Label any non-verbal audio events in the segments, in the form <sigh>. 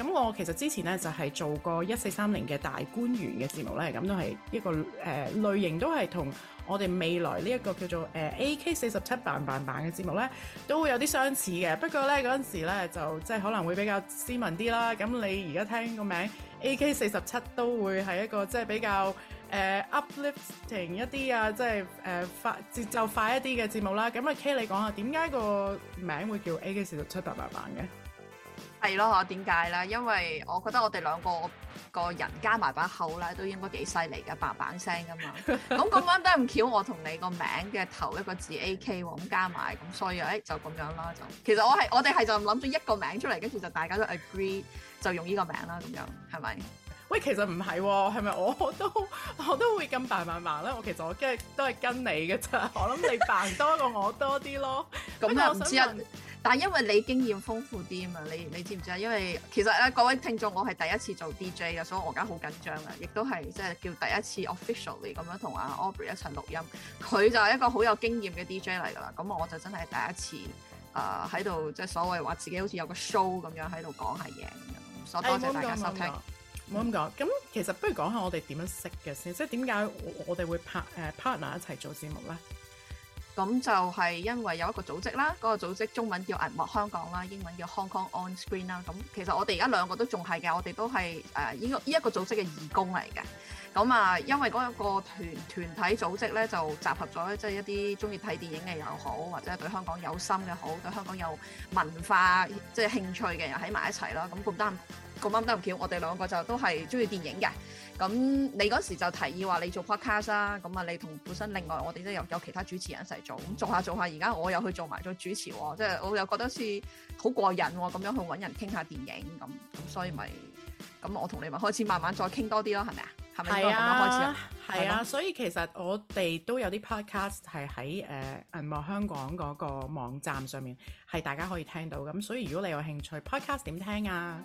咁我其實之前咧就係、是、做過一四三零嘅大觀園嘅節目咧，咁都係一個誒、呃、類型，都係同我哋未來呢一個叫做誒、呃、A K 四十七呯呯呯嘅節目咧，都會有啲相似嘅。不過咧嗰陣時咧就即係可能會比較斯文啲啦。咁你而家聽個名 A K 四十七都會係一個即係比較誒、呃、uplifting 一啲啊，即係誒快節奏快一啲嘅節目啦。咁阿 K 你講下點解個名會叫 A K 四十七呯呯呯嘅？係咯嗬，點解咧？因為我覺得我哋兩個個人加埋把口咧，都應該幾犀利噶，呯呯聲噶嘛。咁咁啱得咁巧我，我同你個名嘅頭一個字 AK，咁加埋，咁所以誒就咁樣啦。就，就其實我係我哋係就諗住一個名出嚟，跟住就大家都 agree 就用呢個名啦。咁樣係咪？喂，其實唔係、哦，係咪我都我都會咁扮扮扮咧？我其實我跟都係跟你嘅咋，我諗你扮多過我多啲咯。咁又唔知。啊但係因為你經驗豐富啲啊嘛，你你知唔知啊？因為其實咧，各位聽眾，我係第一次做 DJ 嘅，所以我而家好緊張啊，亦都係即係叫第一次 officially 咁樣同阿 Aubrey 一齊錄音。佢就係一個好有經驗嘅 DJ 嚟噶啦，咁我就真係第一次啊喺度即係所謂話自己好似有個 show 咁樣喺度講下嘢咁樣。所多謝大家收聽。冇咁講，咁其實不如講下我哋點樣識嘅先、嗯，即係點解我哋會拍、呃、partner 一齊做節目咧？咁、嗯、就係、是、因為有一個組織啦，嗰、那個組織中文叫銀幕香港啦，英文叫 Hong Kong On Screen 啦。咁、嗯、其實我哋而家兩個都仲係嘅，我哋都係呢個呢一個組織嘅義工嚟嘅。咁、嗯、啊、嗯，因為嗰一個團團體組織咧，就集合咗即係一啲中意睇電影嘅又好，或者對香港有心嘅好，對香港有文化即係、就是、興趣嘅人喺埋一齊啦。咁唔得咁啱得唔巧，我哋兩個就都係中意電影嘅。咁你嗰時就提議話你做 podcast 啦、啊，咁啊你同本身另外我哋都有有其他主持人一齊做，咁做下做下，而家我又去做埋咗主持喎、啊，即、就、係、是、我又覺得好似好過癮喎、啊，咁樣去揾人傾下電影咁，咁所以咪咁我同你咪開始慢慢再傾多啲咯，係咪啊？係啊，係咪係咁樣開始啊？係啊，啊吧所以其實我哋都有啲 podcast 係喺誒銀、呃、幕香港嗰個網站上面，係大家可以聽到咁，所以如果你有興趣 podcast 點聽啊？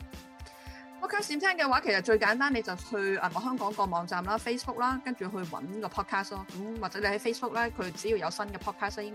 Podcast 聽嘅話，其實最簡單你就去銀幕、嗯、香港個網站啦、Facebook 啦、嗯，跟住去揾個 podcast 咯。咁或者你喺 Facebook 咧，佢只要有新嘅 podcast 咧，應、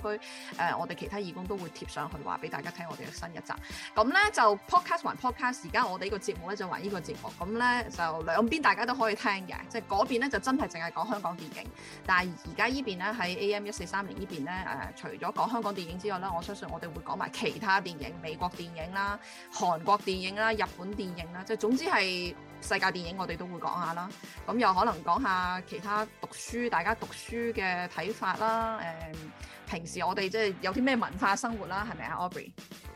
呃、該我哋其他義工都會貼上去，話俾大家聽我哋嘅新一集。咁咧就 podcast 還 podcast，而家我哋呢個節目咧就還呢個節目。咁咧就兩邊大家都可以聽嘅，即係嗰邊咧就真係淨係講香港電影，但係而家依邊咧喺 AM 一四三零呢邊咧誒，除咗講香港電影之外咧，我相信我哋會講埋其他電影、美國電影啦、韓國電影啦、日本電影啦，即係總總之係世界電影，我哋都會講下啦。咁又可能講下其他讀書，大家讀書嘅睇法啦。誒、呃，平時我哋即係有啲咩文化生活啦，係咪啊，Aubrey？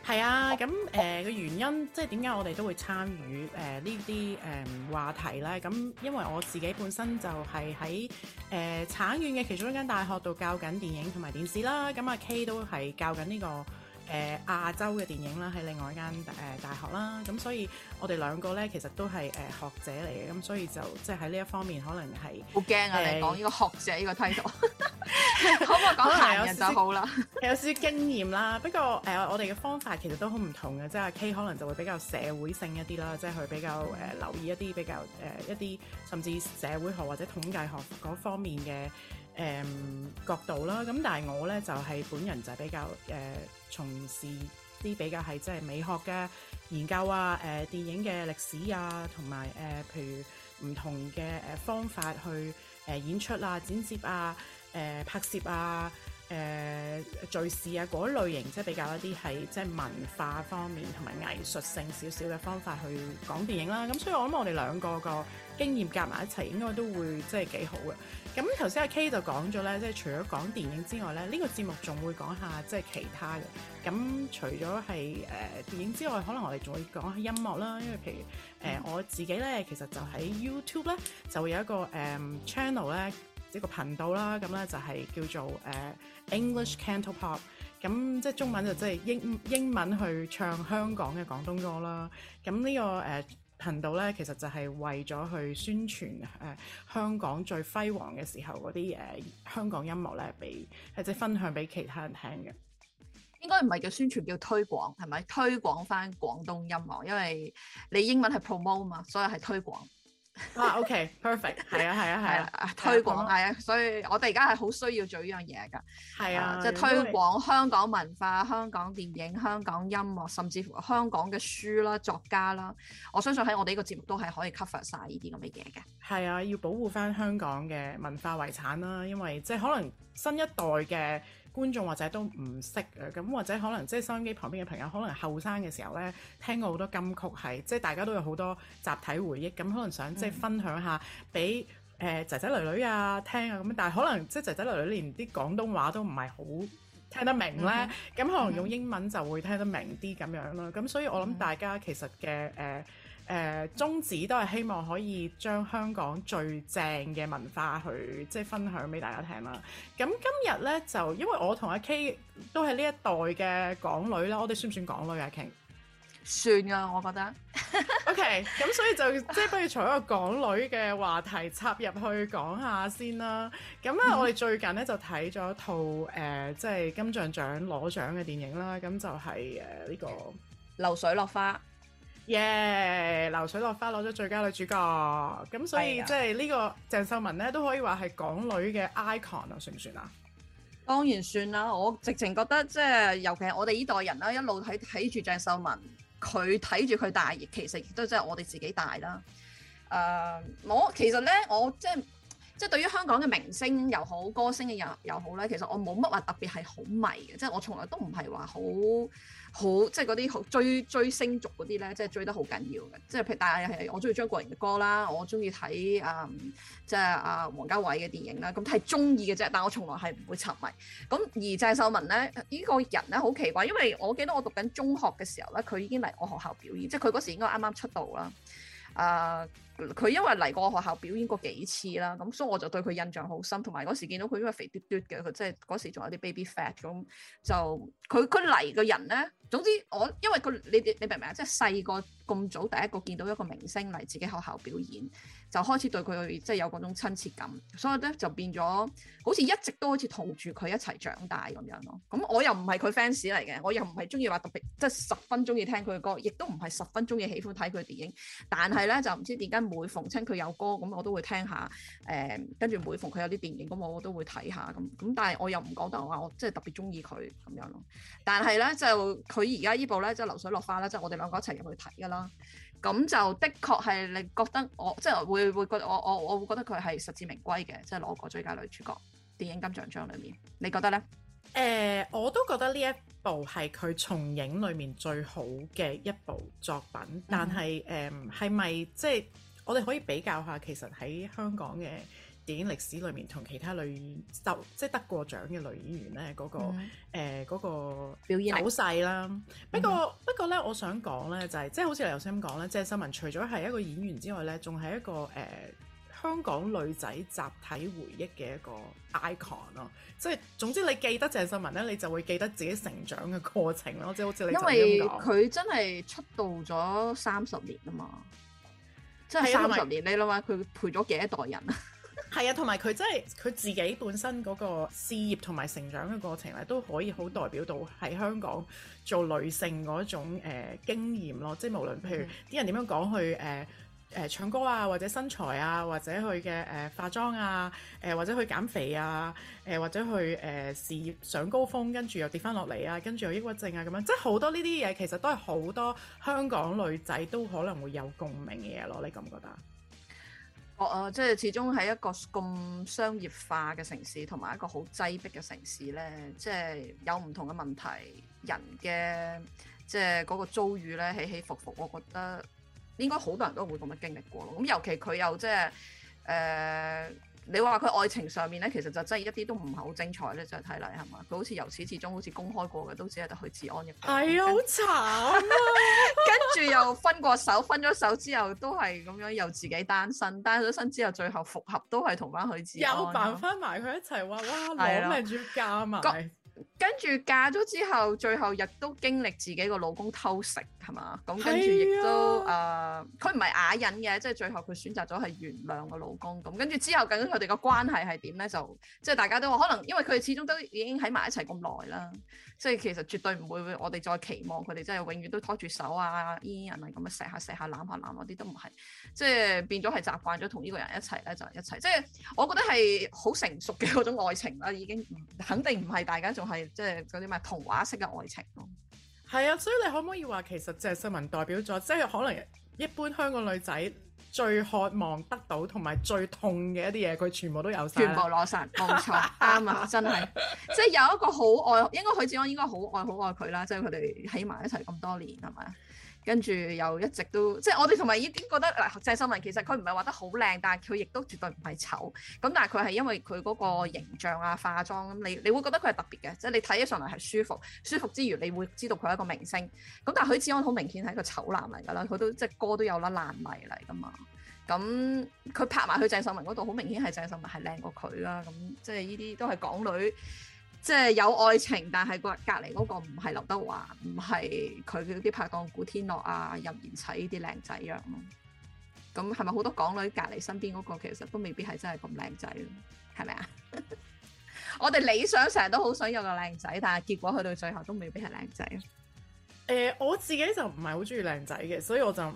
係啊，咁誒個原因，即係點解我哋都會參與誒呢啲誒話題咧？咁因為我自己本身就係喺誒產院嘅其中一間大學度教緊電影同埋電視啦。咁、啊、阿 K 都係教緊、這、呢個。誒、呃、亞洲嘅電影啦，喺另外一間誒、呃、大學啦，咁所以我哋兩個咧其實都係誒、呃、學者嚟嘅，咁所以就即係喺呢一方面可能係好驚啊！呃、你講呢個學者呢個態度， <laughs> <laughs> 可唔可以講閒人就好啦？ <laughs> 有少 <laughs> 有少少經驗啦，不過誒、呃、我哋嘅方法其實都好唔同嘅，即、就、係、是、K 可能就會比較社會性一啲啦，即係佢比較誒、呃、留意一啲比較誒、呃、一啲甚至社會學或者統計學嗰方面嘅。誒、嗯、角度啦，咁但係我咧就係、是、本人就比較誒、呃、從事啲比較係即係美學嘅研究啊，誒、呃、電影嘅歷史啊，同埋誒譬如唔同嘅誒方法去誒演出啊、剪接啊、誒、呃、拍攝啊、誒敘事啊嗰類型，即係比較一啲係即係文化方面同埋藝術性少少嘅方法去講電影啦。咁、嗯嗯、所以我諗我哋兩個個。經驗夾埋一齊，應該都會即係幾好嘅。咁頭先阿 K 就講咗咧，即係除咗講電影之外咧，呢、呢個節目仲會講下即係其他嘅。咁除咗係誒電影之外，可能我哋仲會講下音樂啦。因為譬如誒、呃、我自己咧，其實就喺 YouTube 咧就會有一個誒 channel 咧一個頻道啦。咁咧就係叫做誒、呃、English Cantopop。咁即係中文就即係英英文去唱香港嘅廣東歌啦。咁呢、呢個誒。呃頻道咧，其實就係為咗去宣傳誒、呃、香港最輝煌嘅時候嗰啲誒香港音樂咧，俾或者分享俾其他人聽嘅。應該唔係叫宣傳，叫推廣，係咪？推廣返廣東音樂，因為你英文係 promote 嘛，所以係推廣。啊，OK，perfect，係啊，係、okay, <laughs> 啊，係啊，推廣啊，所以我哋而家係好需要做呢樣嘢噶，係啊，啊即係推廣香港文化、嗯、香港電影、香港音樂，甚至乎香港嘅書啦、作家啦，我相信喺我哋呢個節目都係可以 cover 晒呢啲咁嘅嘢嘅，係啊，要保護翻香港嘅文化遺產啦，因為即係可能新一代嘅。觀眾或者都唔識啊，咁或者可能即係收音機旁邊嘅朋友，可能後生嘅時候呢，聽過好多金曲，係即係大家都有好多集體回憶，咁可能想即係分享下俾誒仔仔女女啊聽啊，咁但係可能即係仔仔女女連啲廣東話都唔係好聽得明呢。咁、嗯、可能用英文就會聽得明啲咁樣咯，咁、嗯、所以我諗大家其實嘅誒。嗯呃誒、呃、宗旨都係希望可以將香港最正嘅文化去即係分享俾大家聽啦。咁今日呢，就因為我同阿 K 都係呢一代嘅港女啦，我哋算唔算港女啊？K 算啊，我覺得。OK，咁所以就 <laughs> 即係不如從一個港女嘅話題插入去講下先啦。咁啊，我哋最近呢就睇咗一套誒、呃、即係金像獎攞獎嘅電影啦。咁就係誒呢個流水落花。耶！Yeah, 流水落花攞咗最佳女主角，咁所以的即係呢個鄭秀文咧都可以話係港女嘅 icon 啊，算唔算啊？當然算啦，我直情覺得即係，尤其係我哋呢代人啦，一路睇睇住鄭秀文，佢睇住佢大，其實亦都即係我哋自己大啦。誒、呃，我其實咧，我即係。即係對於香港嘅明星又好，歌星嘅人又好咧，其實我冇乜話特別係好迷嘅，即係我從來都唔係話好好即係啲好追追星族嗰啲咧，即係追得好緊要嘅。即係譬如，但係我中意張國榮嘅歌啦，我中意睇啊即係啊王家衛嘅電影啦，咁係中意嘅啫。但係我從來係唔會沉迷。咁而鄭秀文咧，呢、呢個人咧好奇怪，因為我記得我讀緊中學嘅時候咧，佢已經嚟我學校表演，即係佢嗰時應該啱啱出道啦。啊！佢、uh，因為嚟過我學校表演過幾次啦，咁所以我就對佢印象好深。同埋嗰時見到佢因為肥嘟嘟嘅，佢即係嗰時仲有啲 baby fat 咁，就佢佢嚟嘅人咧，總之我因為佢，你你明唔明啊？即係細個咁早第一個見到一個明星嚟自己學校表演。就開始對佢即係有嗰種親切感，所以咧就變咗好似一直都好似同住佢一齊長大咁樣咯。咁我又唔係佢 fans 嚟嘅，我又唔係中意話特別即係、就是、十分中意聽佢嘅歌，亦都唔係十分中意喜歡睇佢嘅電影。但係咧就唔知點解每逢親佢有歌咁我都會聽下，誒，跟住每逢佢有啲電影咁我我都會睇下咁咁。但係我又唔講得話，我即係特別中意佢咁樣咯。但係咧就佢而家呢部咧即係流水落花啦，即係、就是、我哋兩個一齊入去睇㗎啦。咁就的確係你覺得我即係會會覺得我我我會覺得佢係實至名歸嘅，即係攞過最佳女主角電影金像獎裏面，你覺得呢？誒、呃，我都覺得呢一部係佢重影裏面最好嘅一部作品，但係誒係咪即係我哋可以比較下，其實喺香港嘅？電影歷史裏面同其他女就即係得過獎嘅女演員咧，嗰、那個誒表現、好勢啦。嗯、不過不過咧，我想講咧就係即係好似你頭先咁講咧，鄭秀文除咗係一個演員之外咧，仲係一個誒、呃、香港女仔集體回憶嘅一個 icon 咯、啊。所、就、以、是、總之你記得鄭秀文咧，你就會記得自己成長嘅過程咯、啊。即、就、係、是、好似你因為佢真係出道咗三十年啊嘛，即係三十年，因為 你諗下佢陪咗幾多代人啊？ <laughs> 係啊，同埋佢真係佢自己本身嗰個事業同埋成長嘅過程咧，都可以好代表到喺香港做女性嗰種誒、呃、經驗咯。即係無論譬如啲人點樣講佢誒誒唱歌啊，或者身材啊，或者佢嘅誒化妝啊，誒、呃、或者去減肥啊，誒、呃、或者去誒、呃、事業上高峰跟住又跌翻落嚟啊，跟住又抑鬱症啊，咁樣即係好多呢啲嘢，其實都係好多香港女仔都可能會有共鳴嘅嘢咯。你覺唔覺得？我、哦、即係始終喺一個咁商業化嘅城市，同埋一個好擠迫嘅城市呢，即係有唔同嘅問題，人嘅即係嗰個遭遇呢，起起伏伏，我覺得應該好多人都會咁樣經歷過咯。咁尤其佢又即係誒。呃你話佢愛情上面咧，其實就真係一啲都唔係好精彩咧，就睇嚟係嘛？佢好似由始至終好似公開過嘅，都只係得許志安一個。係、哎、呦著啊，好慘啊！跟住又分過手， <laughs> 分咗手之後都係咁樣，又自己單身，單咗身之後最後復合都係同翻許志安。有揾翻埋佢一齊，哇！攞命要嫁嘛？了」跟住嫁咗之後，最後亦都經歷自己個老公偷食係嘛？咁跟住亦都誒，佢唔係啞忍嘅，即係最後佢選擇咗係原諒個老公。咁跟住之後，究竟佢哋個關係係點咧？就即係大家都話，可能因為佢哋始終都已經喺埋一齊咁耐啦，即係其實絕對唔會會我哋再期望佢哋真係永遠都拖住手啊，依人係咁樣錫下錫下攬下攬嗰啲都唔係，即係變咗係習慣咗同呢個人一齊咧就一齊。即係我覺得係好成熟嘅嗰種愛情啦，已經肯定唔係大家仲係。即係嗰啲咪童話式嘅愛情咯，係 <noise> 啊，所以你可唔可以話其實鄭秀文代表咗，即係可能一般香港女仔最渴望得到同埋最痛嘅一啲嘢？佢全部都有晒，全部攞晒，冇錯，啱啊， <laughs> <laughs> 真係， <laughs> 即係有一個好愛，應該許志安應該好愛好愛佢啦，即係佢哋起埋一齊咁多年，係咪？跟住又一直都，即係我哋同埋已經覺得，嗱鄭秀文其實佢唔係畫得好靚，但係佢亦都絕對唔係醜。咁但係佢係因為佢嗰個形象啊、化妝咁，你你會覺得佢係特別嘅，即係你睇起上嚟係舒服，舒服之餘，你會知道佢係一個明星。咁但係許志安好明顯係一個醜男嚟㗎啦，佢都即係歌都有啦，爛泥嚟㗎嘛。咁佢拍埋去鄭秀文嗰度，好明顯係鄭秀文係靚過佢啦。咁即係呢啲都係港女。即係有愛情，但係隔隔離嗰個唔係劉德華，唔係佢嗰啲拍檔古天樂啊、任賢齊啲靚仔樣咯。咁係咪好多港女隔離身邊嗰個其實都未必係真係咁靚仔？係咪啊？ <laughs> 我哋理想成日都好想有個靚仔，但係結果去到最後都未必係靚仔。誒、呃，我自己就唔係好中意靚仔嘅，所以我就唔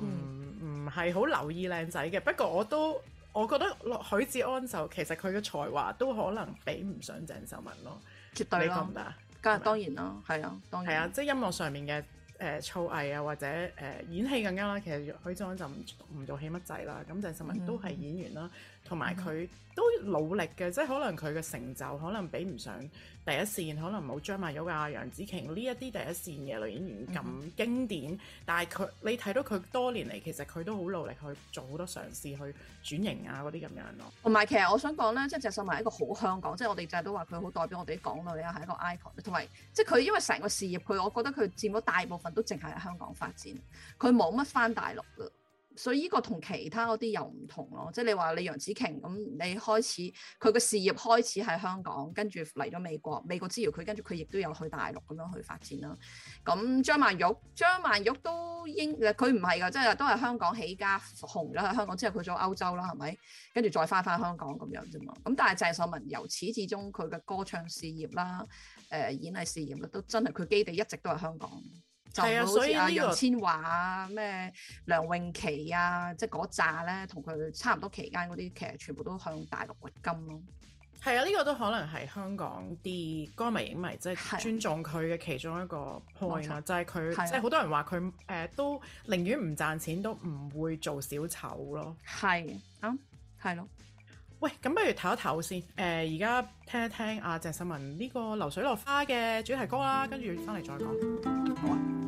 唔係好留意靚仔嘅。不過我都我覺得許志安就其實佢嘅才華都可能比唔上鄭秀文咯。絕對咯，咁啊當然啦，係吧啊，當然係啊，即係音樂上面嘅。誒，創、呃、藝啊，或者誒、呃、演戲更加啦。其實許志安就唔唔做戲乜仔啦，咁鄭秀文都係演員啦，同埋佢都努力嘅。嗯、即係可能佢嘅成就可能比唔上第一線，可能冇張曼玉啊、楊紫瓊呢一啲第一線嘅女演員咁經典。嗯、但係佢你睇到佢多年嚟，其實佢都好努力去做好多嘗試去轉型啊嗰啲咁樣咯。同埋其實我想講咧，即係鄭秀文係一個好香港，即係我哋成日都話佢好代表我哋啲港女啊，係一個 icon。同埋即係佢因為成個事業，佢我覺得佢佔到大部分。都淨係喺香港發展，佢冇乜翻大陸噶，所以呢個同其他嗰啲又唔同咯。即係你話你楊紫瓊咁，你開始佢個事業開始喺香港，跟住嚟咗美國，美國之餘佢跟住佢亦都有去大陸咁樣去發展啦。咁張曼玉，張曼玉都應該佢唔係噶，即係都係香港起家，紅咗喺香港之後去咗歐洲啦，係咪？跟住再翻翻香港咁樣啫嘛。咁但係鄭秀文由始至終佢嘅歌唱事業啦，誒、呃，演藝事業都真係佢基地一直都係香港。就好似阿楊千嬅啊，咩梁詠琪啊，即係嗰紮咧，同佢差唔多期間嗰啲，其實全部都向大陸掘金咯。係啊，呢個都可能係香港啲歌迷影迷即係尊重佢嘅其中一個 point 啊，就係佢即係好多人話佢誒都寧願唔賺錢都唔會做小丑咯。係啊，係咯。喂，咁不如唞一唞先。誒、呃，而家聽一聽阿、啊、鄭秀文呢個《流水落花》嘅主題歌啦，跟住翻嚟再講。好啊。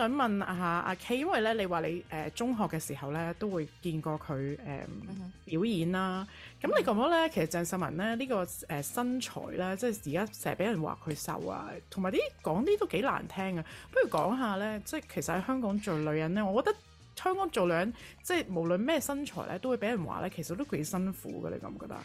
想問下阿 K，因為咧你話你誒、呃、中學嘅時候咧都會見過佢誒、呃 mm hmm. 表演啦、啊。咁你覺唔覺得咧？其實鄭秀文咧呢、呢個誒、呃、身材咧，即係而家成日俾人話佢瘦啊，同埋啲講啲都幾難聽嘅。不如講下咧，即係其實喺香港做女人咧，我覺得香港做女人即係無論咩身材咧，都會俾人話咧，其實都幾辛苦嘅。你覺唔覺得？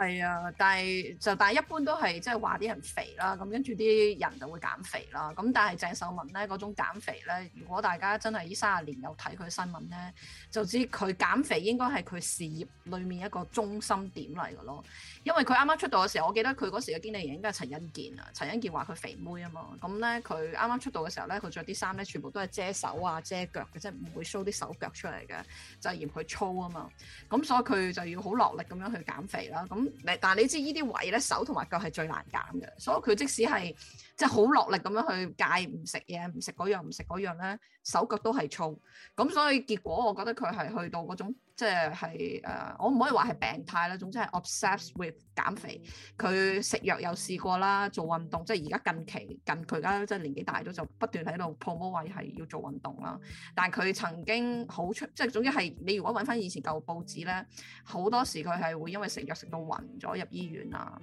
係啊，但係就但係一般都係即係話啲人肥啦，咁跟住啲人就會減肥啦。咁但係鄭秀文咧嗰種減肥咧，如果大家真係呢三十年有睇佢新聞咧，就知佢減肥應該係佢事業裏面一個中心點嚟嘅咯。因為佢啱啱出道嘅時候，我記得佢嗰時嘅經理人應該係陳欣健啊。陳欣健話佢肥妹啊嘛，咁咧佢啱啱出道嘅時候咧，佢着啲衫咧全部都係遮手啊遮腳嘅，即係唔會 show 啲手腳出嚟嘅，就係嫌佢粗啊嘛。咁所以佢就要好落力咁樣去減肥啦。咁但係你知呢啲位咧，手同埋腳係最難減嘅，所以佢即使係即係好落力咁樣去戒唔食嘢，唔食嗰樣唔食嗰樣咧，手腳都係粗，咁所以結果我覺得佢係去到嗰種。即係誒、呃，我唔可以話係病態啦。總之係 obsessed with 減肥，佢食藥又試過啦，做運動。即係而家近期近佢而家即係年紀大咗，就不斷喺度 promote 話係要做運動啦。但係佢曾經好出，即係總之係你如果揾翻以前舊報紙咧，好多時佢係會因為食藥食到暈咗入醫院啊。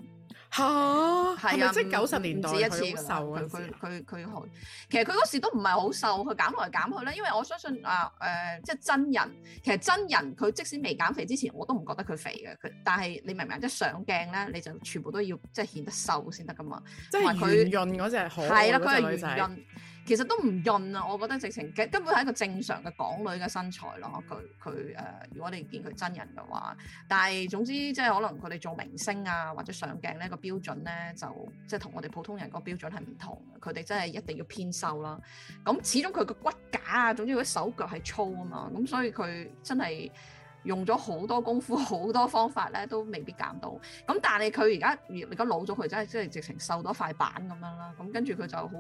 吓，係啊，即係九十年代唔止一次瘦。佢佢佢佢好，其實佢嗰時都唔係好瘦，佢減來減去咧。因為我相信啊，誒、呃，即係真人，其實真人佢即使未減肥之前，我都唔覺得佢肥嘅。佢，但係你明唔明？即係上鏡咧，你就全部都要即係顯得瘦先得噶嘛。即係圓潤嗰隻，係啦，佢係圓潤。其實都唔潤啊，我覺得直情根本係一個正常嘅港女嘅身材咯。佢佢誒，如果你見佢真人嘅話，但係總之即係可能佢哋做明星啊或者上鏡呢個標準咧，就即係同我哋普通人個標準係唔同。佢哋真係一定要偏瘦啦。咁始終佢個骨架啊，總之佢手腳係粗啊嘛，咁所以佢真係用咗好多功夫好多方法咧，都未必減到。咁但係佢而家而家老咗，佢真係即係直情瘦到塊板咁樣啦。咁跟住佢就好。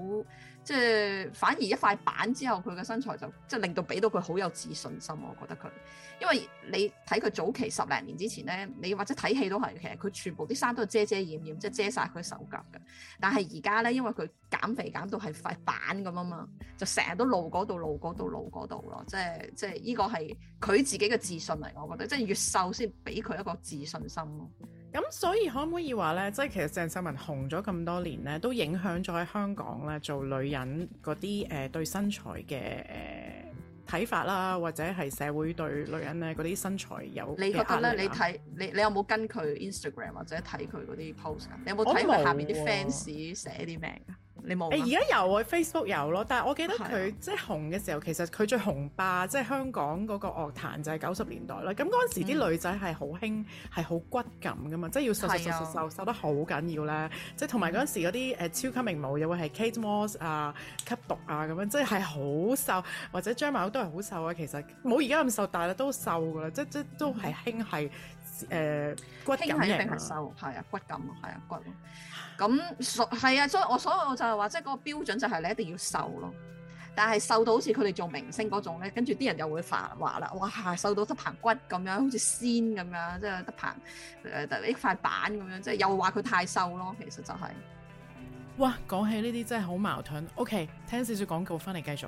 即係反而一塊板之後，佢嘅身材就即係令到俾到佢好有自信心，我覺得佢，因為你睇佢早期十零年之前咧，你或者睇戲都係，其實佢全部啲衫都係遮遮掩掩，即係遮晒佢手腳嘅。但係而家咧，因為佢減肥減到係塊板咁啊嘛，就成日都露嗰度、露嗰度、露嗰度咯。即係即係呢個係佢自己嘅自信嚟，我覺得，即係越瘦先俾佢一個自信心咯。咁所以可唔可以話咧，即係其實鄭秀文紅咗咁多年咧，都影響咗喺香港咧做女人嗰啲誒對身材嘅誒睇法啦，或者係社會對女人咧嗰啲身材有、啊、你覺得咧？你睇你你有冇跟佢 Instagram 或者睇佢嗰啲 post 你有冇啊？有冇睇過下面啲 fans 寫啲咩？你冇，而家有啊，Facebook 有咯，但係我記得佢、啊、即係紅嘅時候，其實佢最紅霸，即、就、係、是、香港嗰個樂壇就係九十年代啦。咁嗰陣時啲女仔係好興，係好、嗯、骨感噶嘛，即係要瘦瘦瘦瘦，瘦得好緊要咧。嗯、即係同埋嗰陣時嗰啲誒超級名模又會係 Kate Moss 啊、吸毒啊咁樣，即係係好瘦，或者張曼玉都係好瘦啊。其實冇而家咁瘦，但係都瘦噶啦，即即、嗯、都係興係。誒，呃、骨輕一定係瘦，係啊，骨感，係啊，骨。咁所係啊，啊，所以我所以我就係話，即係嗰個標準就係你一定要瘦咯。但係瘦到好似佢哋做明星嗰種咧，跟住啲人又會反話啦。哇，瘦到得棚骨咁樣，好似仙咁樣，即係得棚得一塊板咁樣，即係又話佢太瘦咯。其實就係、是。哇，講起呢啲真係好矛盾。OK，聽少少廣告翻嚟繼續。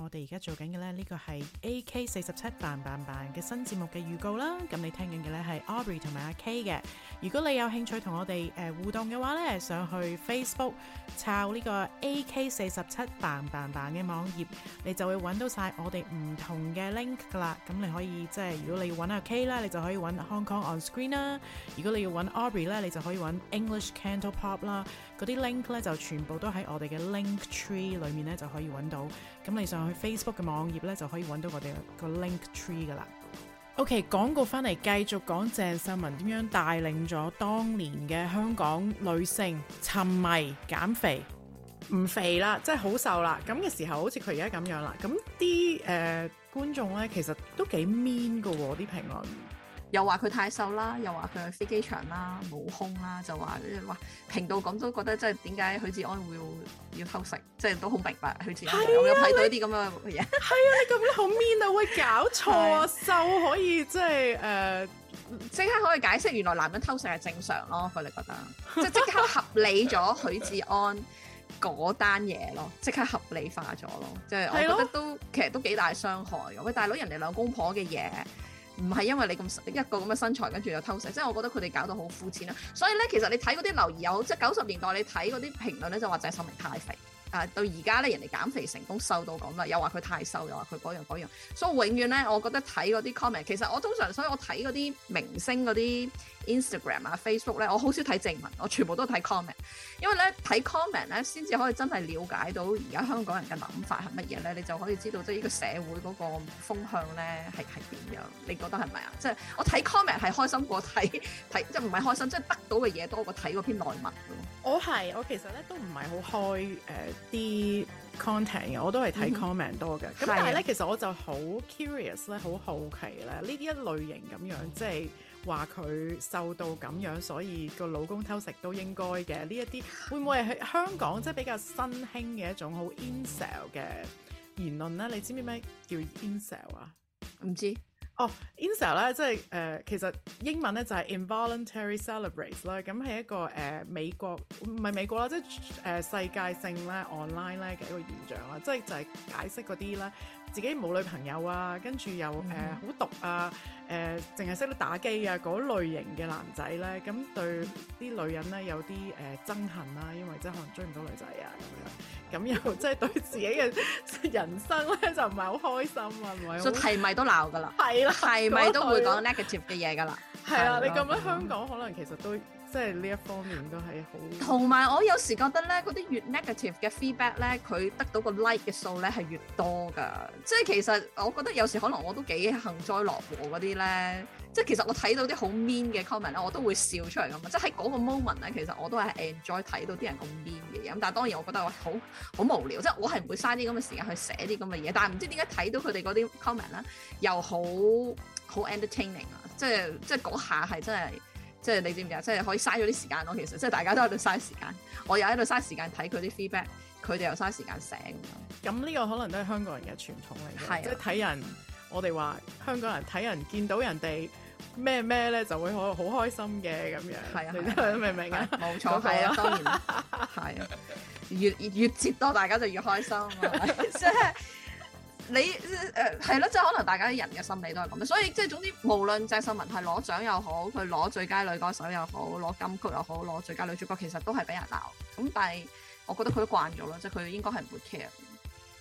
我哋而家做緊嘅咧，呢、這個係 AK 四十七呯呯呯嘅新節目嘅預告啦。咁你聽緊嘅呢係 Aubrey 同埋阿 K 嘅。如果你有興趣同我哋誒、呃、互動嘅話咧，上去 Facebook 抄呢個 AK 四十七呯呯呯嘅網頁，你就會揾到晒我哋唔同嘅 link 噶啦。咁你可以即係如果你要揾阿 K 呢，你就可以揾 Hong Kong On Screen 啦。如果你要揾 Aubrey 呢，你就可以揾 English Cantopop 啦。嗰啲 link 呢，就全部都喺我哋嘅 link tree 裡面呢，就可以揾到。咁你想？去 Facebook 嘅網頁咧，就可以揾到我哋個 link tree 噶啦。OK，廣告翻嚟，繼續講鄭秀文點樣帶領咗當年嘅香港女性沉迷減肥，唔肥啦，即係好瘦啦。咁嘅時候，好似佢而家咁樣啦。咁啲誒觀眾咧，其實都幾 mean 嘅喎啲評論。又話佢太瘦啦，又話佢去飛機場啦，冇空啦，就話即平到咁都覺得，即係點解許志安會要，要偷食？即係都好明白許志、啊、安有，有批對啲咁嘅嘢。係啊，咁樣、 <laughs> 啊、好 mean 會啊！喂，搞錯啊，瘦可以即係誒，即、呃、刻可以解釋，原來男人偷食係正常咯。佢哋覺得， <laughs> 即係即刻合理咗許志安嗰單嘢咯，即刻合理化咗咯。即係我覺得都的其實都幾大傷害㗎。喂，大佬，人哋兩公婆嘅嘢。唔係因為你咁一個咁嘅身材，跟住又偷食，即係我覺得佢哋搞到好膚淺啦。所以咧，其實你睇嗰啲留言有，即係九十年代你睇嗰啲評論咧，就話就係鄭秀文太肥。啊、呃，到而家咧，人哋減肥成功瘦到咁啦，又話佢太瘦，又話佢嗰樣嗰樣。所以永遠咧，我覺得睇嗰啲 comment，其實我通常所以我睇嗰啲明星嗰啲。Instagram 啊、Facebook 咧，我好少睇正文，我全部都睇 comment，因為咧睇 comment 咧，先至可以真係了解到而家香港人嘅諗法係乜嘢咧，你就可以知道即係呢個社會嗰個風向咧係係點樣。你覺得係咪啊？即係我睇 comment 係開心過睇睇，即係唔係開心，即係得到嘅嘢多過睇嗰篇內文咯。我係，我其實咧都唔係好開誒啲、呃、content 嘅，我都係睇 comment 多嘅。咁但係咧，其實我就好 curious 咧，好好奇咧呢啲一類型咁樣即係。話佢受到咁樣，所以個老公偷食都應該嘅呢一啲，會唔會係香港即係比較新興嘅一種好 incel 嘅言論咧？你知唔知咩叫 incel 啊？唔知哦 incel 咧即係誒，其實英文咧就係 involuntary celebrates 啦，咁係一個誒、呃、美國唔係美國啦，即係誒、呃、世界性咧 online 咧嘅一個現象啦，即係就係、是、解釋嗰啲啦。自己冇女朋友啊，跟住又誒好毒啊，誒淨係識得打機啊嗰類型嘅男仔咧，咁對啲女人咧有啲誒憎恨啦，因為即係可能追唔到女仔啊咁樣，咁又即係對自己嘅人生咧就唔係好開心啊，咪好係咪都鬧噶啦？係啦，係咪都會講 negative 嘅嘢噶啦？係啊，你咁樣香港可能其實都。即係呢一方面都係好，同埋我有時覺得咧，嗰啲越 negative 嘅 feedback 咧，佢得到個 like 嘅數咧係越多㗎。即係其實我覺得有時可能我都幾幸災樂禍嗰啲咧。即係其實我睇到啲好 mean 嘅 comment 咧，我都會笑出嚟㗎嘛。即係喺嗰個 moment 咧，其實我都係 enjoy 睇到啲人咁 mean 嘅嘢。咁但係當然我覺得我好好無聊，即係我係唔會嘥啲咁嘅時間去寫啲咁嘅嘢。但係唔知點解睇到佢哋嗰啲 comment 咧，又好好 entertaining 啊！即係即係嗰下係真係。即係你知唔知啊？即係可以嘥咗啲時間咯。其實即係大家都喺度嘥時間，我又喺度嘥時間睇佢啲 feedback，佢哋又嘥時間醒。咁樣。咁呢個可能都係香港人嘅傳統嚟嘅，是啊、即係睇人。我哋話香港人睇人，見到人哋咩咩咧，就會好好開心嘅咁樣。係啊，你明唔明啊？冇錯，係 <laughs> 啊，當然係 <laughs> 啊，越越接多，大家就越開心。你誒係咯，即係可能大家人嘅心理都係咁，所以即係總之，無論鄭秀文係攞獎又好，佢攞最佳女歌手又好，攞金曲又好，攞最佳女主角，其實都係俾人鬧。咁但係我覺得佢都慣咗啦，即係佢應該係唔會 care。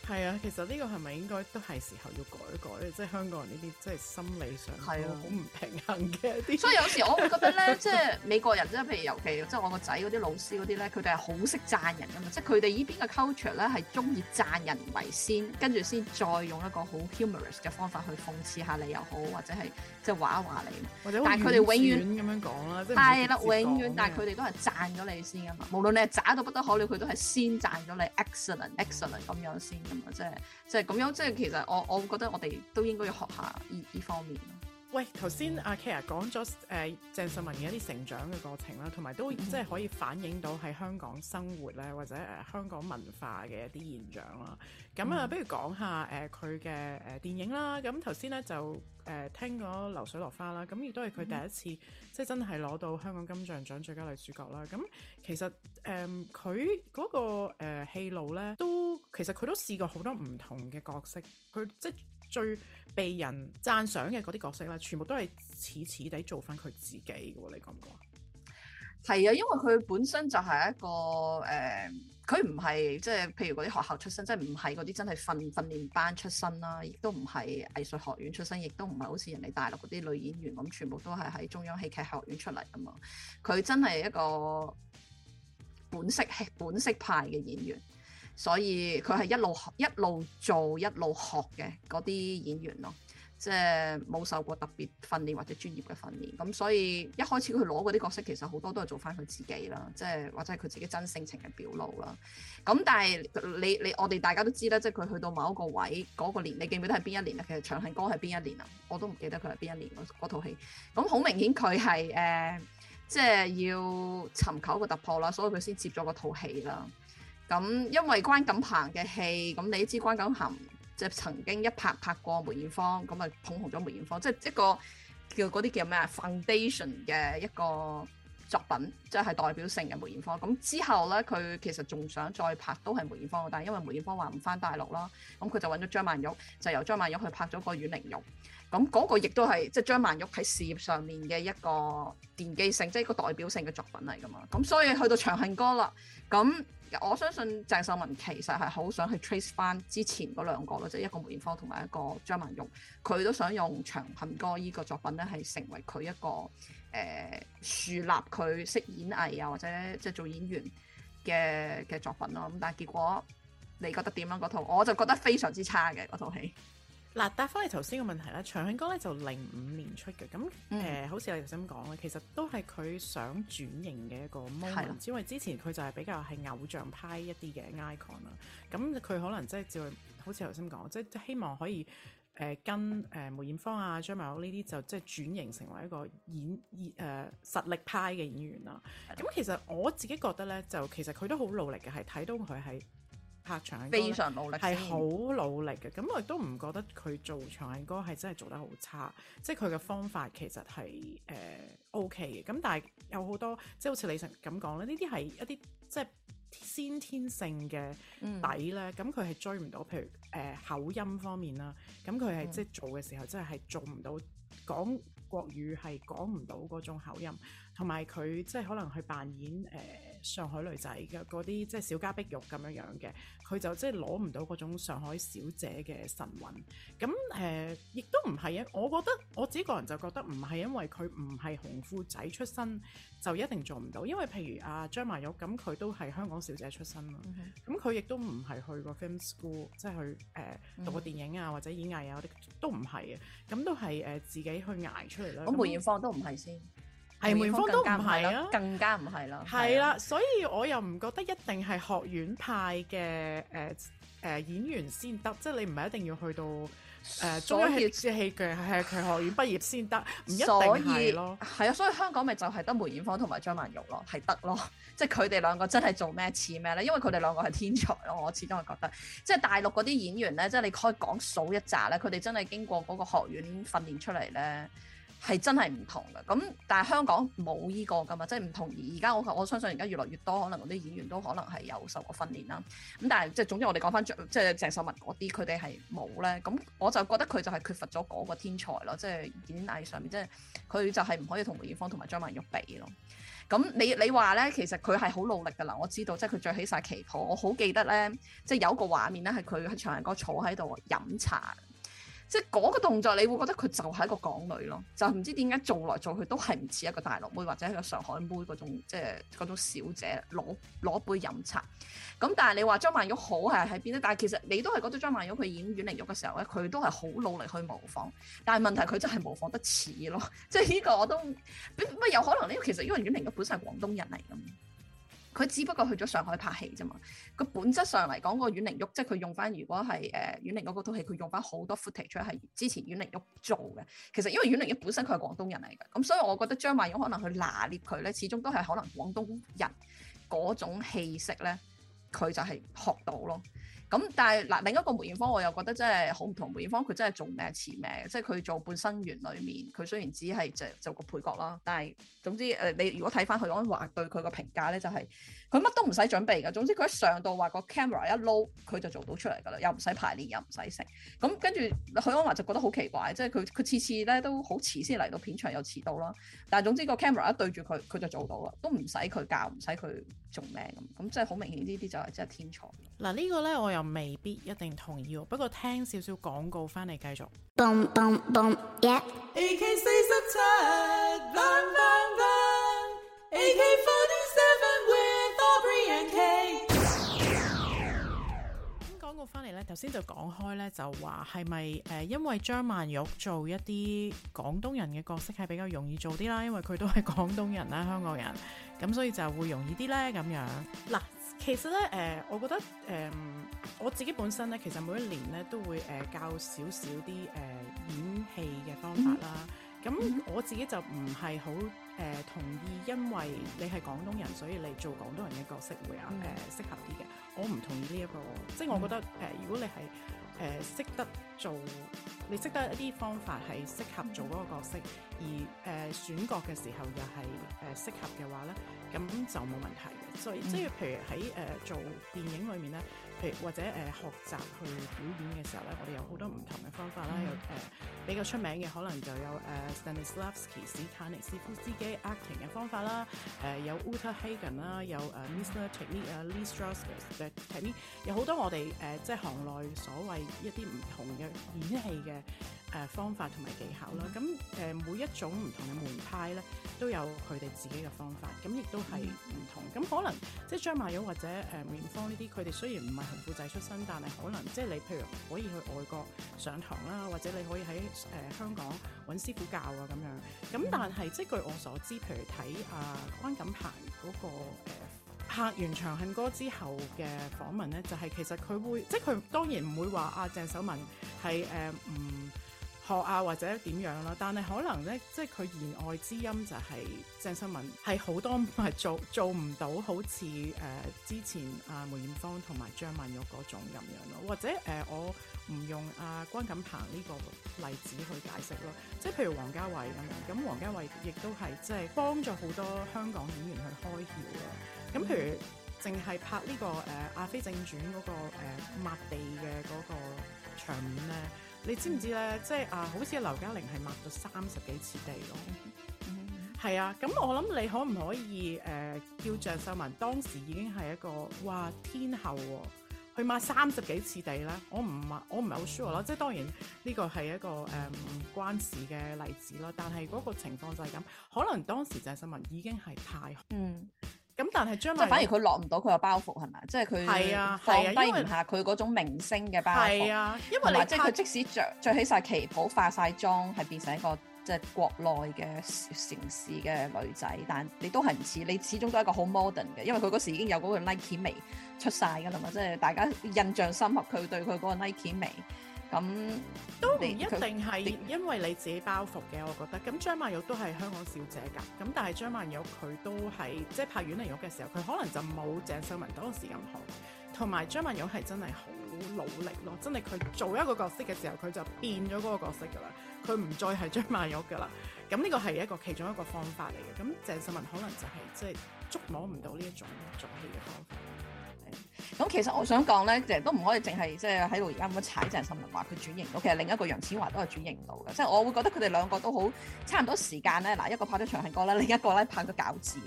係啊，其實呢個係咪應該都係時候要改一改嘅，即係香港人呢啲即係心理上好唔平衡嘅一啲。啊、 <laughs> 所以有時我會覺得咧，即係美國人即係譬如尤其即係我個仔嗰啲老師嗰啲咧，佢哋係好識讚人㗎嘛，即係佢哋依邊嘅 culture 咧係中意讚人為先，跟住先再用一個好 humorous 嘅方法去諷刺下你又好，或者係即係話一話你。或者但係佢哋永遠咁樣講啦，係啦遠，永遠，但係佢哋都係讚咗你先㗎嘛，無論你係渣到不得可了，佢都係先讚咗你 excellent excellent 咁、嗯、樣先。即係即係咁樣，即係其實我我會覺得我哋都應該要學下呢呢方面。喂，頭先阿 Kira、啊、講咗誒、呃、鄭秀文嘅一啲成長嘅過程啦，同埋都、嗯、哼即係可以反映到喺香港生活咧，或者誒、呃、香港文化嘅一啲現象啦。咁啊，嗯、哼不如講下誒佢嘅誒電影啦。咁頭先咧就誒、呃、聽咗《流水落花》啦，咁亦都係佢第一次、嗯、哼即係真係攞到香港金像獎最佳女主角啦。咁其實誒佢嗰個誒、呃、戲路咧，都其實佢都試過好多唔同嘅角色，佢即最被人讚賞嘅嗰啲角色咧，全部都係似似地做翻佢自己嘅，你覺唔覺啊？係啊，因為佢本身就係一個誒，佢唔係即係譬如嗰啲學校出身，即係唔係嗰啲真係訓練訓練班出身啦，亦都唔係藝術學院出身，亦都唔係好似人哋大陸嗰啲女演員咁，全部都係喺中央戲劇學院出嚟啊嘛。佢真係一個本色本色派嘅演員。所以佢係一路學、一路做、一路學嘅嗰啲演員咯，即係冇受過特別訓練或者專業嘅訓練。咁所以一開始佢攞嗰啲角色，其實好多都係做翻佢自己啦，即係或者係佢自己真性情嘅表露啦。咁但係你你我哋大家都知啦，即係佢去到某一個位嗰個年，你記唔記得係邊一年啊？其實《長恨歌》係邊一年啊？我都唔記得佢係邊一年嗰套戲。咁好明顯佢係誒，即係要尋求一個突破啦，所以佢先接咗嗰套戲啦。咁，因為關錦鵬嘅戲，咁你知關錦鵬即係、就是、曾經一拍拍過梅艷芳，咁啊捧紅咗梅艷芳，即、就、係、是、一個叫嗰啲叫咩啊 Foundation 嘅一個作品，即、就、係、是、代表性嘅梅艷芳。咁之後咧，佢其實仲想再拍，都係梅艷芳，但係因為梅艷芳話唔返大陸啦，咁佢就揾咗張曼玉，就由張曼玉去拍咗個阮玲玉。咁嗰個亦都係即係張曼玉喺事業上面嘅一個奠基性，即、就、係、是、一個代表性嘅作品嚟㗎嘛。咁所以去到長恨歌啦，咁。我相信鄭秀文其實係好想去 trace 翻之前嗰兩個咯，即係一個梅艷芳同埋一個張曼玉，佢都想用《長恨歌》依個作品咧，係成為佢一個誒、呃、樹立佢識演藝啊或者即係做演員嘅嘅作品咯。咁但係結果你覺得點樣嗰套？我就覺得非常之差嘅嗰套戲。嗱，答翻你頭先個問題啦，長恨歌咧就零五年出嘅，咁誒、嗯呃，好似我頭先講啦，其實都係佢想轉型嘅一個 moment，的因為之前佢就係比較係偶像派一啲嘅 icon 啦，咁佢可能即係照，好似頭先講，即、就、係、是、希望可以誒、呃、跟誒、呃、梅艷芳啊、張曼玉呢啲就即係轉型成為一個演演誒、呃、實力派嘅演員啦。咁 <laughs> 其實我自己覺得咧，就其實佢都好努力嘅，係睇到佢喺。非常努力，係好努力嘅。咁我亦都唔覺得佢做長恨歌係真係做得好差。即係佢嘅方法其實係誒、呃、OK 嘅。咁但係有好多，即係好似李晨咁講咧，呢啲係一啲即係先天性嘅底咧。咁佢係追唔到，譬如誒、呃、口音方面啦。咁佢係即係做嘅時候，真係係做唔到講國語，係講唔到嗰種口音，同埋佢即係可能去扮演誒。呃上海女仔嘅嗰啲即係小家碧玉咁樣樣嘅，佢就即係攞唔到嗰種上海小姐嘅神韻。咁誒，亦都唔係啊！我覺得我自己個人就覺得唔係因為佢唔係紅褲仔出身就一定做唔到，因為譬如阿、啊、張曼玉咁，佢都係香港小姐出身咯。咁佢亦都唔係去過 film school，即係去誒、呃嗯、讀過電影啊或者演藝啊嗰啲都唔係嘅。咁都係誒、呃、自己去捱出嚟啦。咁梅艷芳都唔係先。梅艷芳都唔係啊，更加唔係咯。係啦，啊啊、所以我又唔覺得一定係學院派嘅誒誒演員先得，即係你唔係一定要去到誒專業之戲劇係佢學院畢業先得，所以，係咯。係啊，所以香港咪就係得梅豔芳同埋張曼玉咯，係得咯。即係佢哋兩個真係做咩似咩咧？因為佢哋兩個係天才咯，我始終係覺得。即係大陸嗰啲演員咧，即係你可以講數一紮咧，佢哋真係經過嗰個學院訓練出嚟咧。嗯係真係唔同嘅，咁但係香港冇呢個噶嘛，即係唔同。而家我我相信而家越嚟越多可能嗰啲演員都可能係有受過訓練啦。咁但係即係總之我哋講翻即係鄭秀文嗰啲，佢哋係冇咧。咁我就覺得佢就係缺乏咗嗰個天才咯，即係演藝上面，即係佢就係唔可以同梅艷芳同埋張曼玉比咯。咁你你話咧，其實佢係好努力㗎啦，我知道，即係佢着起晒旗袍，我好記得咧，即係有個畫面咧係佢喺長人哥坐喺度飲茶。即係嗰個動作，你會覺得佢就係一個港女咯，就唔知點解做來做去都係唔似一個大陸妹或者一個上海妹嗰種，即係嗰種小姐攞攞杯飲茶。咁、嗯、但係你話張曼玉好係喺邊咧？但係其實你都係覺得張曼玉佢演阮玲玉嘅時候咧，佢都係好努力去模仿。但係問題佢真係模仿得似咯，即係呢個我都乜有可能呢？其實因為阮玲玉本身係廣東人嚟㗎。佢只不過去咗上海拍戲啫嘛，佢本質上嚟講，個阮玲玉即係佢用翻。如果係誒阮玲嗰套戲，佢用翻好多 footage 係之前阮玲玉做嘅。其實因為阮玲玉本身佢係廣東人嚟嘅，咁所以我覺得張曼玉可能去拿捏佢咧，始終都係可能廣東人嗰種氣息咧，佢就係學到咯。咁但係嗱，另一個梅艷芳我又覺得真係好唔同。梅艷芳佢真係做咩似咩，即係佢做半生緣裏面，佢雖然只係就就個配角啦，但係總之誒、呃，你如果睇翻許鞍華對佢個評價咧、就係，就係。佢乜都唔使準備嘅，總之佢一上到話個 camera 一撈，佢就做到出嚟㗎啦，又唔使排練，又唔使食。咁跟住許安華就覺得好奇怪，即係佢佢次次咧都好遲先嚟到片場，又遲到啦。但係總之個 camera 一對住佢，佢就做到啦，都唔使佢教，唔使佢做咩咁，咁即係好明顯呢啲就係真係天才。嗱、啊呢個、呢個咧我又未必一定同意喎，不過聽少少廣告翻嚟繼續。頭先就講開咧，就話係咪誒，因為張曼玉做一啲廣東人嘅角色係比較容易做啲啦，因為佢都係廣東人啦、香港人，咁所以就會容易啲咧咁樣。嗱，其實咧誒、呃，我覺得誒、呃，我自己本身咧，其實每一年咧都會誒、呃、教少少啲誒演戲嘅方法啦。嗯咁那、嗯、我自己就唔係好誒同意，因為你係廣東人，所以你做廣東人嘅角色會啊誒、嗯呃、適合啲嘅。我唔同意呢、這、一個，即、就、係、是、我覺得誒、呃，如果你係誒識得做，你識得一啲方法係適合做嗰個角色，嗯、而誒、呃、選角嘅時候又係誒適合嘅話咧，咁就冇問題嘅。所以即係、嗯就是、譬如喺誒、呃、做電影裏面咧。或者誒、呃、學習去表演嘅時候咧，我哋有好多唔同嘅方法啦，mm hmm. 有誒、呃、比較出名嘅可能就有誒、呃、Stanislavski 斯坦尼斯夫斯基的 acting 嘅方法啦，誒、呃、有 Uta Hagen 啦，有誒 Mister Technique 啊 Lee Strasberg 嘅 Technique，有好多我哋誒即係行內所謂一啲唔同嘅演戲嘅誒方法同埋技巧啦。咁誒、mm hmm. 呃、每一種唔同嘅門派咧，都有佢哋自己嘅方法，咁亦都係唔同。咁、mm hmm. 可能即係張曼玉或者誒梅艷芳呢啲，佢、呃、哋雖然唔係。同富仔出身，但係可能即係你，譬如可以去外國上堂啦，或者你可以喺誒、呃、香港揾師傅教啊咁樣。咁但係、嗯、即係據我所知，譬如睇啊、呃、關錦鵬嗰個誒，拍完《長恨歌》之後嘅訪問咧，就係、是、其實佢會，即係佢當然唔會話阿鄭秀文係誒唔。呃嗯啊，或者點樣咯？但係可能咧，即係佢言外之音就係、是、鄭秀文係好多係做做唔到，好似誒、呃、之前阿、呃、梅艷芳同埋張曼玉嗰種咁樣咯。或者誒、呃，我唔用阿、呃、關錦鵬呢個例子去解釋咯。即係譬如王家衛咁樣，咁王家衛亦都係即係幫咗好多香港演員去開竅嘅。咁譬如淨係、mm hmm. 拍呢、這個誒、呃《阿飛正傳、那個》嗰、呃、個抹地嘅嗰個場面咧。你知唔知咧？即係啊、呃，好似劉嘉玲係抹咗三十幾次地咯。係、mm hmm. 啊，咁我諗你可唔可以誒、呃、叫鄭秀文當時已經係一個哇天后喎、啊，去抹三十幾次地咧？我唔我唔、mm hmm. 嗯、係好 sure 咯。即係當然呢個係一個唔關事嘅例子啦。但係嗰個情況就係咁，可能當時鄭秀文已經係太嗯。Mm hmm. 咁但係張曼玉，反而佢落唔到佢個包袱係咪？即係佢放低唔下佢嗰種明星嘅包袱。係啊，啊，因為即係佢即使着著起晒旗袍、化晒妝，係變成一個即係國內嘅城市嘅女仔，但你都係唔似，你始終都係一個好 modern 嘅，因為佢嗰時已經有嗰個 Nike 眉出晒㗎啦嘛，即係大家印象深刻佢對佢嗰個 Nike 眉。咁、嗯、都唔一定係因為你自己包袱嘅，我覺得。咁張曼玉都係香港小姐㗎，咁但係張曼玉佢都係即係拍《阮玲玉》嘅時候，佢可能就冇鄭秀文嗰陣時咁好。同埋張曼玉係真係好努力咯，真係佢做一個角色嘅時候，佢就變咗嗰個角色㗎啦，佢唔再係張曼玉㗎啦。咁呢個係一個其中一個方法嚟嘅。咁鄭秀文可能就係即係捉摸唔到呢一種戲嘅方法。咁、嗯、其實我想講咧，成都唔可以淨係即係喺度而家咁樣踩鄭秀文，話佢轉型到，其實另一個楊千嬅都係轉型到嘅，即係我會覺得佢哋兩個都好差唔多時間咧。嗱，一個拍咗長恨歌啦，另一個咧拍咗餃子。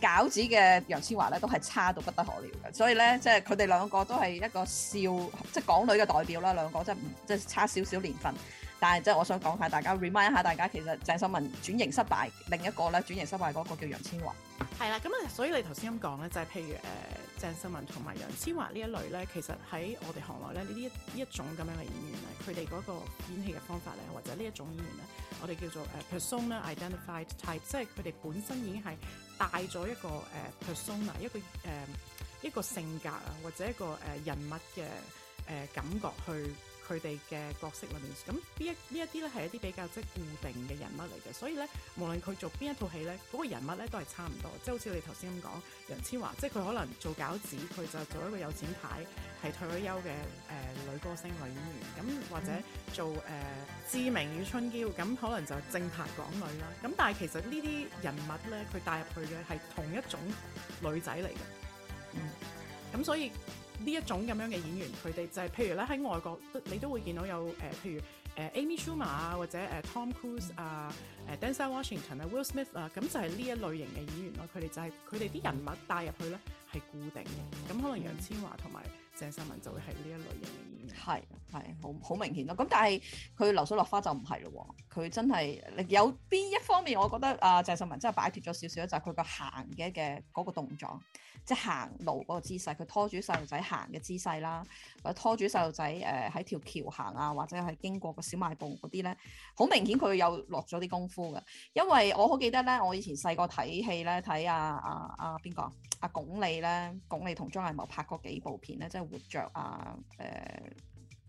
餃子嘅楊千嬅咧都係差到不得可了嘅，所以咧即係佢哋兩個都係一個笑即係港女嘅代表啦，兩個即係即係差少少年份。但係即係我想講下，大家 remind 一下大家，其實鄭秀文轉型失敗，另一個咧轉型失敗嗰個叫楊千嬅。係啦，咁啊，所以你頭先咁講咧，就係、是、譬如誒、呃、鄭秀文同埋楊千嬅呢一類咧，其實喺我哋行內咧呢啲呢一種咁樣嘅演員咧，佢哋嗰個演戲嘅方法咧，或者呢一種演員咧，我哋叫做誒 persona 咧 identified type，即係佢哋本身已經係帶咗一個誒 persona，一個誒、呃、一個性格啊，或者一個誒人物嘅誒感覺去。佢哋嘅角色裏面，咁呢一呢一啲咧係一啲比較即係固定嘅人物嚟嘅，所以咧，無論佢做邊一套戲咧，嗰、那個人物咧都係差唔多，即、就、係、是、好似你頭先咁講，楊千嬅，即係佢可能做餃子，佢就做一個有錢牌，係退咗休嘅誒、呃、女歌星女演員，咁或者做誒、呃、知名與春嬌，咁可能就正拍港女啦。咁但係其實呢啲人物咧，佢帶入去嘅係同一種女仔嚟嘅，咁、嗯、所以。呢一種咁樣嘅演員，佢哋就係、是、譬如咧喺外國，你都會見到有誒、呃，譬如誒、呃、Amy Schumer 啊，或者誒、啊、Tom Cruise 啊、誒、啊、Denzel Washington 啊、Will Smith 啊，咁、嗯、就係、是、呢一類型嘅演員咯。佢哋就係佢哋啲人物帶入去咧係固定嘅，咁、嗯嗯、可能楊千嬅同埋鄭秀文就會係呢一類型嘅演員。係係好好明顯咯，咁但係佢流水落花就唔係咯，佢真係有邊一方面，我覺得啊、呃、鄭秀文真係擺脫咗少少就係佢個行嘅嘅嗰個動作，即係行路嗰個姿勢，佢拖住細路仔行嘅姿勢啦，或者拖住細路仔誒喺條橋行啊，或者係經過個小賣部嗰啲咧，好明顯佢有落咗啲功夫嘅，因為我好記得咧，我以前細個睇戲咧，睇阿阿阿邊個阿鞏俐咧，鞏俐同張藝謀拍過幾部片咧，即係活著啊誒。呃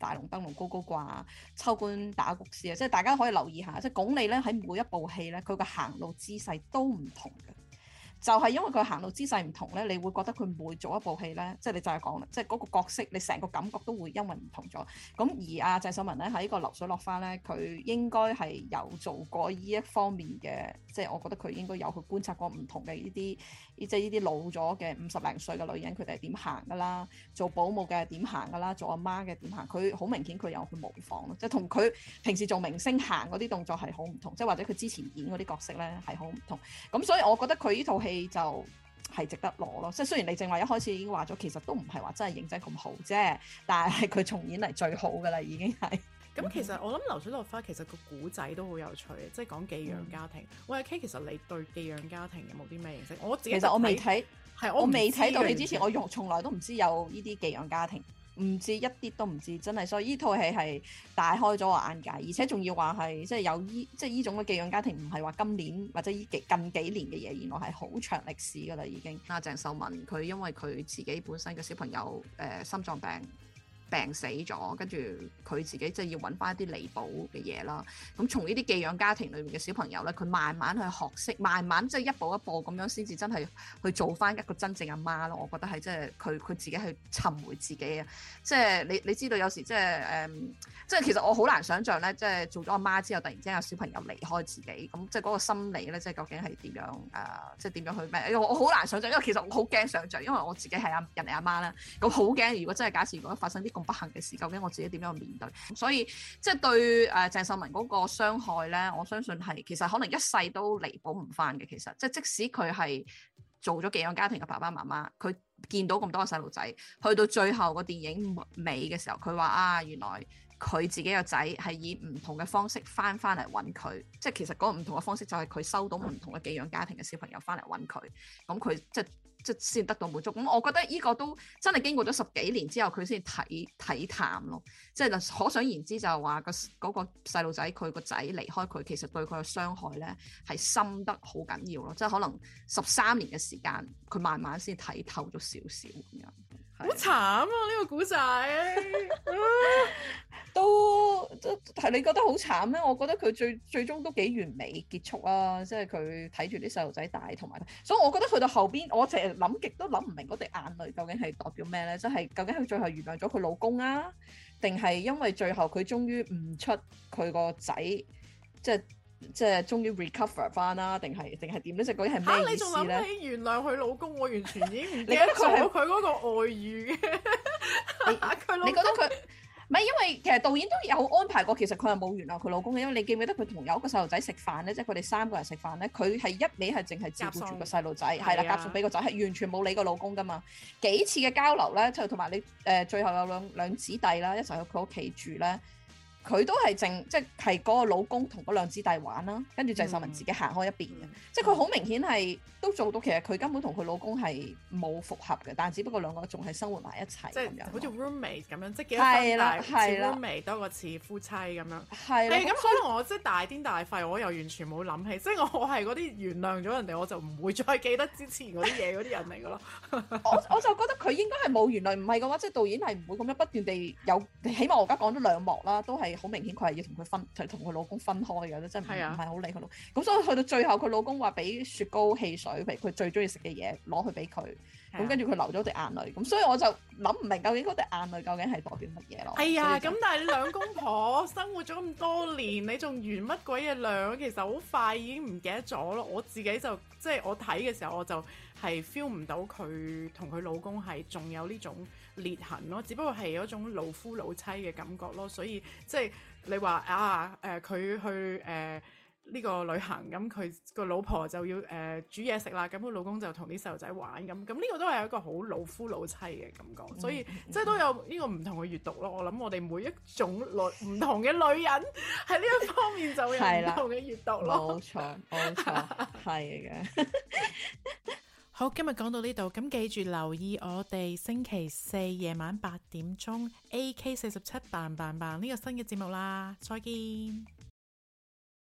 大龍燈籠高高掛，秋官打谷師啊！即係大家可以留意下，即係鞏俐咧喺每一部戲咧，佢個行路姿勢都唔同嘅，就係、是、因為佢行路姿勢唔同咧，你會覺得佢每做一部戲咧，即係你就係講，即係嗰個角色，你成個感覺都會因為唔同咗。咁而阿、啊、鄭秀文咧喺呢、這個流水落花咧，佢應該係有做過呢一方面嘅，即係我覺得佢應該有去觀察過唔同嘅呢啲。即係呢啲老咗嘅五十零歲嘅女人，佢哋點行噶啦？做保姆嘅點行噶啦？做阿媽嘅點行？佢好明顯佢有去模仿咯，即係同佢平時做明星行嗰啲動作係好唔同，即係或者佢之前演嗰啲角色咧係好唔同。咁所以我覺得佢呢套戲就係值得攞咯。即係雖然你正話一開始已經話咗，其實都唔係話真係影真咁好啫，但係佢重演嚟最好噶啦，已經係。咁、嗯、其實我諗《流水落花》其實個古仔都好有趣，即係講寄養家庭。嗯、喂，阿 K，其實你對寄養家庭有冇啲咩認識？我其實我未睇，係我未睇到你之前，我從從來都唔知有呢啲寄養家庭，唔知一啲都唔知，知真係。所以呢套戲係大開咗我眼界，而且仲要話係即係有呢即係呢種嘅寄養家庭，唔係話今年或者呢幾近幾年嘅嘢，原來係好長歷史噶啦，已經。阿、啊、鄭秀文佢因為佢自己本身嘅小朋友誒、呃、心臟病。病死咗，跟住佢自己即係要揾翻一啲彌補嘅嘢啦。咁從呢啲寄養家庭裏面嘅小朋友咧，佢慢慢去學識，慢慢即係一步一步咁樣先至真係去做翻一個真正阿媽咯。我覺得係即係佢佢自己去尋回自己啊！即係你你知道有時即係誒即係其實我好難想象咧，即係做咗阿媽之後突然之間有小朋友離開自己，咁即係嗰個心理咧，即係究竟係點樣誒即係點樣去咩，欸？我我好難想象，因為其實我好驚想象，因為我自己係阿人哋阿媽啦，咁好驚如果真係假設如果發生啲不幸嘅事，究竟我自己點樣面對？所以即係對誒鄭秀文嗰個傷害咧，我相信係其實可能一世都彌補唔翻嘅。其實即係即使佢係做咗寄養家庭嘅爸爸媽媽，佢見到咁多個細路仔，去到最後個電影尾嘅時候，佢話啊原來。佢自己個仔係以唔同嘅方式翻翻嚟揾佢，即係其實嗰個唔同嘅方式就係佢收到唔同嘅寄養家庭嘅小朋友翻嚟揾佢，咁佢即係即係先得到滿足。咁我覺得呢個都真係經過咗十幾年之後，佢先睇睇淡咯。即係可想而知，就係話個嗰個細路仔佢個仔離開佢，其實對佢嘅傷害咧係深得好緊要咯。即係可能十三年嘅時間，佢慢慢先睇透咗少少咁樣。好慘啊！呢個古仔，都都係你覺得好慘咩？我覺得佢最最終都幾完美結束啊，即係佢睇住啲細路仔大，同埋，所以我覺得去到後邊，我成日諗極都諗唔明嗰滴眼淚究竟係代表咩呢？即係究竟佢最後原諒咗佢老公啊，定係因為最後佢終於唔出佢個仔，即係。即係終於 recover 翻啦，定係定係點樣呢？究竟嗰啲係咩意思咧？嚇！你仲諗起原諒佢老公？我完全已經唔記得佢係佢嗰個外遇嘅。你覺得佢唔係因為其實導演都有安排過，其實佢係冇原諒佢老公嘅。因為你記唔記得佢同有一個細路仔食飯咧？即係佢哋三個人食飯咧，佢係一味係淨係照顧住個細路仔，係啦送，接、啊、送俾個仔，係完全冇理個老公噶嘛。幾次嘅交流咧，就同埋你誒、呃、最後有兩兩,兩弟子弟啦，一齊去佢屋企住咧。佢都係淨即係係嗰個老公同嗰兩姊弟玩啦，跟住鄭秀文自己行開一邊嘅，嗯、即係佢好明顯係都做到，其實佢根本同佢老公係冇復合嘅，但係只不過兩個仲係生活埋一齊咁是樣，好似 roommate 咁樣，了即係幾分但係了 roommate 多過似夫妻咁樣。係了，咁所以我即係大癲大肺，我又完全冇諗起，即係我我係嗰啲原諒咗人哋，我就唔會再記得之前嗰啲嘢嗰啲人嚟㗎咯。 <laughs> <laughs> 我我就覺得佢應該係冇原諒，唔係嘅話，即係導演係唔會咁樣不斷地有，起碼我而家講咗兩幕啦，都係。好明顯佢係要同佢分，同佢老公分開嘅真係唔係好理佢咯。咁、啊、所以去到最後，佢老公話俾雪糕、汽水，譬如佢最中意食嘅嘢，攞去俾佢。咁跟住佢流咗一滴眼淚。咁所以我就諗唔明，究竟嗰滴眼淚究竟係代表乜嘢咯？哎呀，咁但係你兩公婆生活咗咁多年， <laughs> 你仲圓乜鬼嘢兩？其實好快已經唔記得咗咯。我自己就即係、就是、我睇嘅時候，我就係 feel 唔到佢同佢老公係仲有呢種。裂痕咯，只不過係一種老夫老妻嘅感覺咯，所以即、就、係、是、你話啊，誒、呃、佢去誒呢、呃這個旅行，咁佢個老婆就要誒、呃、煮嘢食啦，咁佢老公就同啲細路仔玩咁，咁呢、這個都係一個好老夫老妻嘅感覺，嗯、所以即係、嗯、都有呢個唔同嘅閲讀咯。我諗我哋每一種女唔同嘅女人喺呢一方面就有唔同嘅閲讀咯啦。冇錯， <laughs> 冇錯，係嘅 <laughs> 是的。 <laughs> 好，今日講到呢度，咁記住留意我哋星期四夜晚八點鐘 AK47 呯呯呯呢個新嘅節目啦，再見。